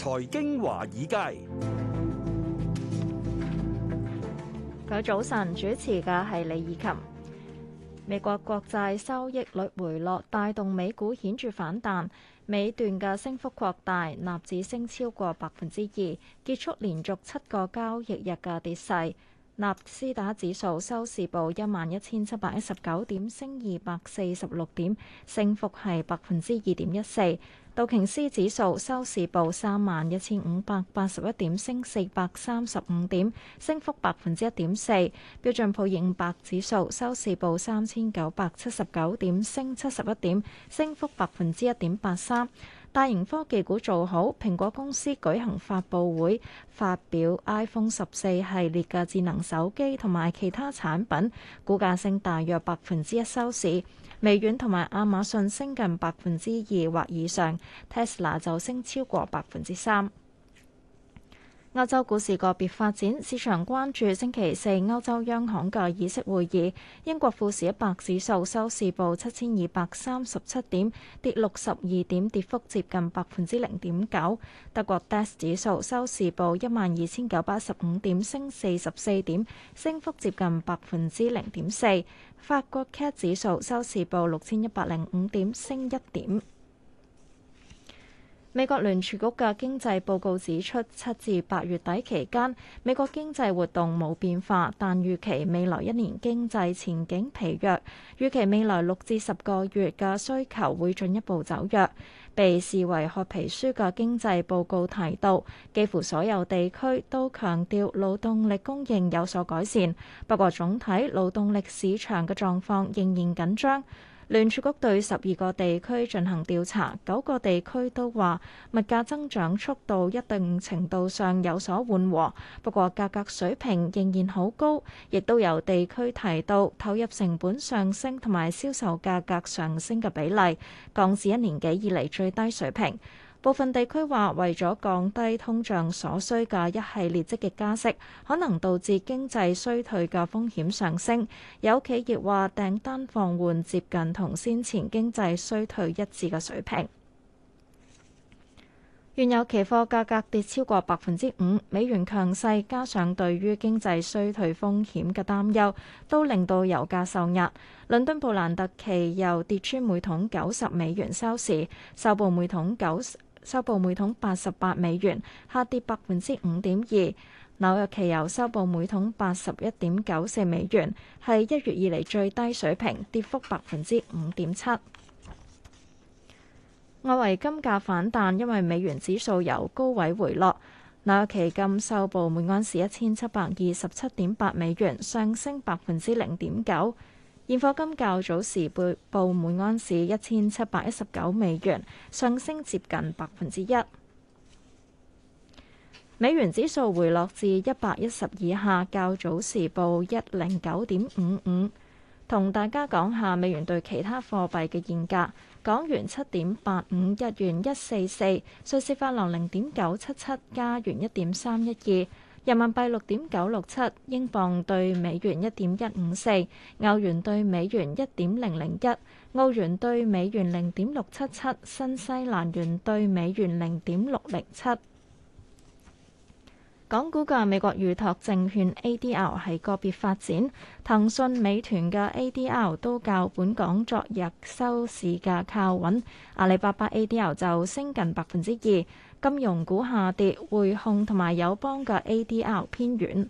財經華爾街，各位早晨，主持嘅係李以琴。美國國債收益率回落，帶動美股顯著反彈，尾段嘅升幅擴大，納指升超過百分之二，結束連續七個交易日嘅跌勢。納斯達指數收市報一萬一千七百一十九點，升二百四十六點，升幅係百分之二點一四。道瓊斯指數收市報三萬一千五百八十一點，升四百三十五點，升幅百分之一點四。標準普爾五百指數收市報三千九百七十九點，升七十一點，升幅百分之一點八三。大型科技股做好，蘋果公司舉行發佈會，發表 iPhone 十四系列嘅智能手機同埋其他產品，股價升大約百分之一收市。微軟同埋亞馬遜升近百分之二或以上，Tesla 就升超過百分之三。歐洲股市個別發展，市場關注星期四歐洲央行嘅議息會議。英國富時一百指數收市報七千二百三十七點，跌六十二點，跌幅接近百分之零點九。德國 DAX 指數收市報一萬二千九百八十五點，升四十四點，升幅接近百分之零點四。法國 CAC 指數收市報六千一百零五點，升一點。美國聯儲局嘅經濟報告指出，七至八月底期間，美國經濟活動冇變化，但預期未來一年經濟前景疲弱。預期未來六至十個月嘅需求會進一步走弱，被視為褐皮書嘅經濟報告提到，幾乎所有地區都強調勞動力供應有所改善，不過總體勞動力市場嘅狀況仍然緊張。聯儲局對十二個地區進行調查，九個地區都話物價增長速度一定程度上有所緩和，不過價格水平仍然好高，亦都有地區提到投入成本上升同埋銷售價格上升嘅比例降至一年幾以嚟最低水平。部分地區話，為咗降低通脹所需嘅一系列積極加息，可能導致經濟衰退嘅風險上升。有企業話，訂單放緩接近同先前經濟衰退一致嘅水平。原油期貨價格跌超過百分之五，美元強勢加上對於經濟衰退風險嘅擔憂，都令到油價受壓。倫敦布蘭特期油跌穿每桶九十美元收市，收報每桶九十。收報每桶八十八美元，下跌百分之五點二。紐約期油收報每桶八十一點九四美元，係一月以嚟最低水平，跌幅百分之五點七。外圍 金價反彈，因為美元指數由高位回落。紐約期金收報每盎司一千七百二十七點八美元，上升百分之零點九。現貨金較早時報報每安士一千七百一十九美元，上升接近百分之一。美元指數回落至一百一十以下，較早時報一零九點五五。同大家講下美元對其他貨幣嘅現價：港元七點八五，日元一四四，瑞士法郎零點九七七，加元一點三一二。人民幣六點九六七，英鎊對美元一點一五四，歐元對美元一點零零一，澳元對美元零點六七七，新西蘭元對美元零點六零七。港股嘅美國預託證券 ADL 係個別發展，騰訊、美團嘅 ADL 都較本港昨日收市價靠穩，阿里巴巴 ADL 就升近百分之二。金融股下跌，匯控同埋友邦嘅 ADL 偏軟。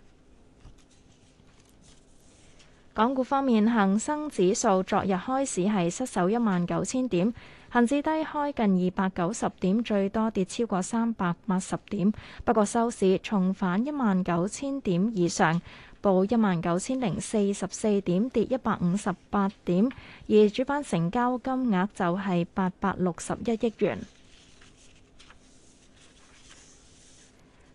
港股方面，恒生指數昨日開始係失守一萬九千點。恒指低開近二百九十點，最多跌超過三百八十點，不過收市重返一萬九千點以上，報一萬九千零四十四點，跌一百五十八點。而主板成交金額就係八百六十一億元。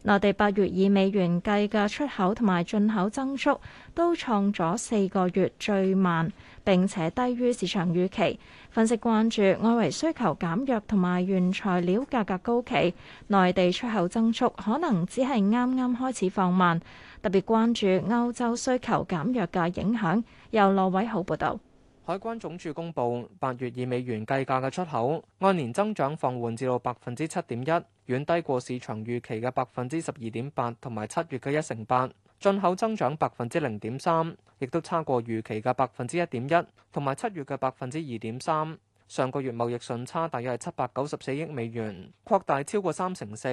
內地八月以美元計嘅出口同埋進口增速都創咗四個月最慢。並且低於市場預期，分析關注外圍需求減弱同埋原材料價格高企，內地出口增速可能只係啱啱開始放慢，特別關注歐洲需求減弱嘅影響。由羅偉浩報道，海關總署公布八月以美元計價嘅出口按年增長放緩至到百分之七點一，遠低過市場預期嘅百分之十二點八同埋七月嘅一成八。進口增長百分之零點三，亦都差過預期嘅百分之一點一，同埋七月嘅百分之二點三。上個月貿易順差大約係七百九十四億美元，擴大超過三成四，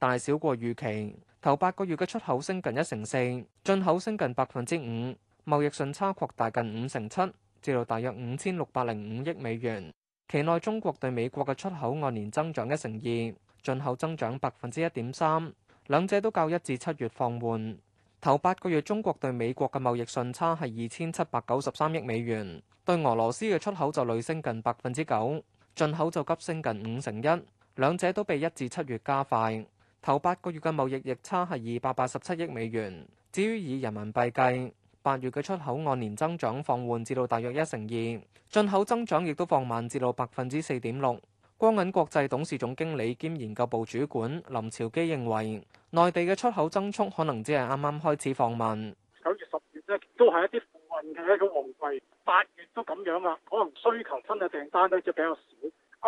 但係少過預期。頭八個月嘅出口升近一成四，進口升近百分之五，貿易順差擴大近五成七，至到大約五千六百零五億美元。期內中國對美國嘅出口按年增長一成二，進口增長百分之一點三，兩者都較一至七月放緩。頭八個月，中國對美國嘅貿易順差係二千七百九十三億美元，對俄羅斯嘅出口就累升近百分之九，進口就急升近五成一，兩者都被一至七月加快。頭八個月嘅貿易逆差係二百八十七億美元。至於以人民幣計，八月嘅出口按年增長放緩，至到大約一成二，進口增長亦都放慢至到百分之四點六。光銀國際董事總經理兼研究部主管林朝基認為，內地嘅出口增速可能只係啱啱開始放慢。九月、十月咧都係一啲貨運嘅一個旺季，八月都咁樣啦，可能需求新嘅訂單咧就比較少。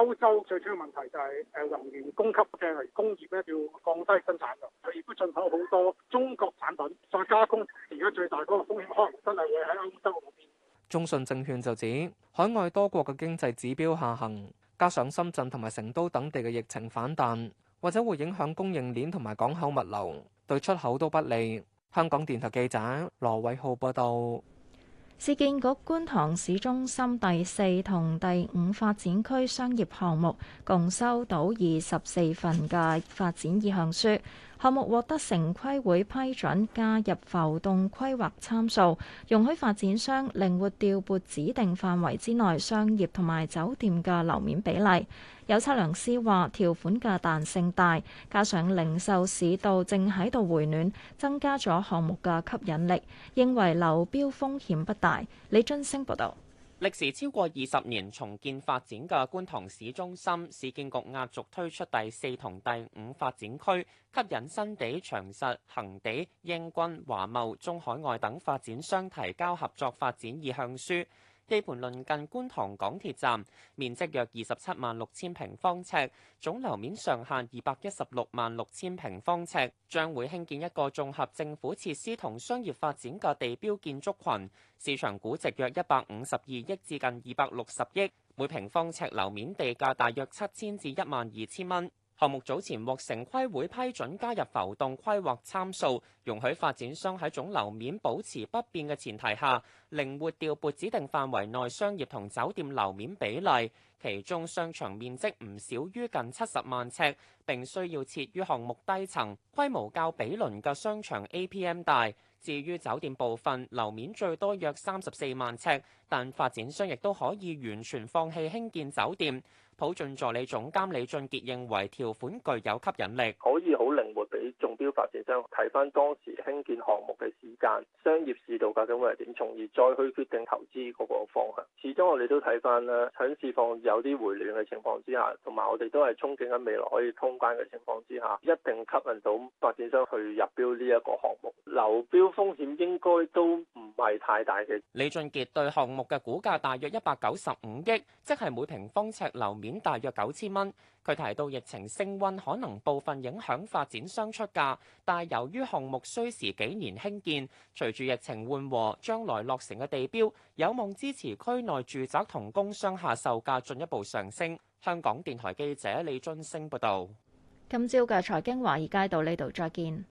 歐洲最主要問題就係誒能源供給嘅工業咧要降低生產量，佢亦都進口好多中國產品再加工，而家最大嗰個風險可能真係會喺歐洲嗰邊。中信證券就指海外多國嘅經濟指標下行。加上深圳同埋成都等地嘅疫情反彈，或者會影響供應鏈同埋港口物流，對出口都不利。香港電台記者羅偉浩報道。市建局觀塘市中心第四同第五發展區商業項目共收到二十四份嘅發展意向書，項目獲得城規會批准加入浮動規劃參數，容許發展商靈活調撥指定範圍之內商業同埋酒店嘅樓面比例。有測量師話條款嘅彈性大，加上零售市道正喺度回暖，增加咗項目嘅吸引力，認為流標風險不大。李津升報導，歷時超過二十年重建發展嘅觀塘市中心，市建局壓軸推出第四同第五發展區，吸引新地、長實、恒地、英軍、華茂、中海外等發展商提交合作發展意向書。地盤鄰近觀塘港鐵站，面積約二十七萬六千平方尺，總樓面上限二百一十六萬六千平方尺，將會興建一個綜合政府設施同商業發展嘅地標建築群。市場估值約一百五十二億至近二百六十億，每平方尺樓面地價大約七千至一萬二千蚊。項目早前獲城規會批准加入浮動規劃參數，容許發展商喺總樓面保持不變嘅前提下，靈活調撥指定範圍內商業同酒店樓面比例，其中商場面積唔少於近七十萬尺，並需要設於項目低層，規模較比鄰嘅商場 APM 大。至於酒店部分，樓面最多約三十四萬尺。但發展商亦都可以完全放棄興建酒店。普進助理總監李俊傑認為條款具有吸引力，可以好靈活俾中標發展商睇翻當時興建項目嘅時間、商業市道究竟會係點，從而再去決定投資嗰個方向。始終我哋都睇翻啦，響市況有啲回暖嘅情況之下，同埋我哋都係憧憬緊未來可以通關嘅情況之下，一定吸引到發展商去入標呢一個項目。流標風險應該都唔係太大嘅。李俊傑對項目嘅股價大約一百九十五億，即係每平方尺樓面大約九千蚊。佢提到疫情升温可能部分影響發展商出價，但係由於項目需時幾年興建，隨住疫情緩和，將來落成嘅地標有望支持區內住宅同工商下售價進一步上升。香港電台記者李津升報道。今朝嘅財經華爾街到呢度再見。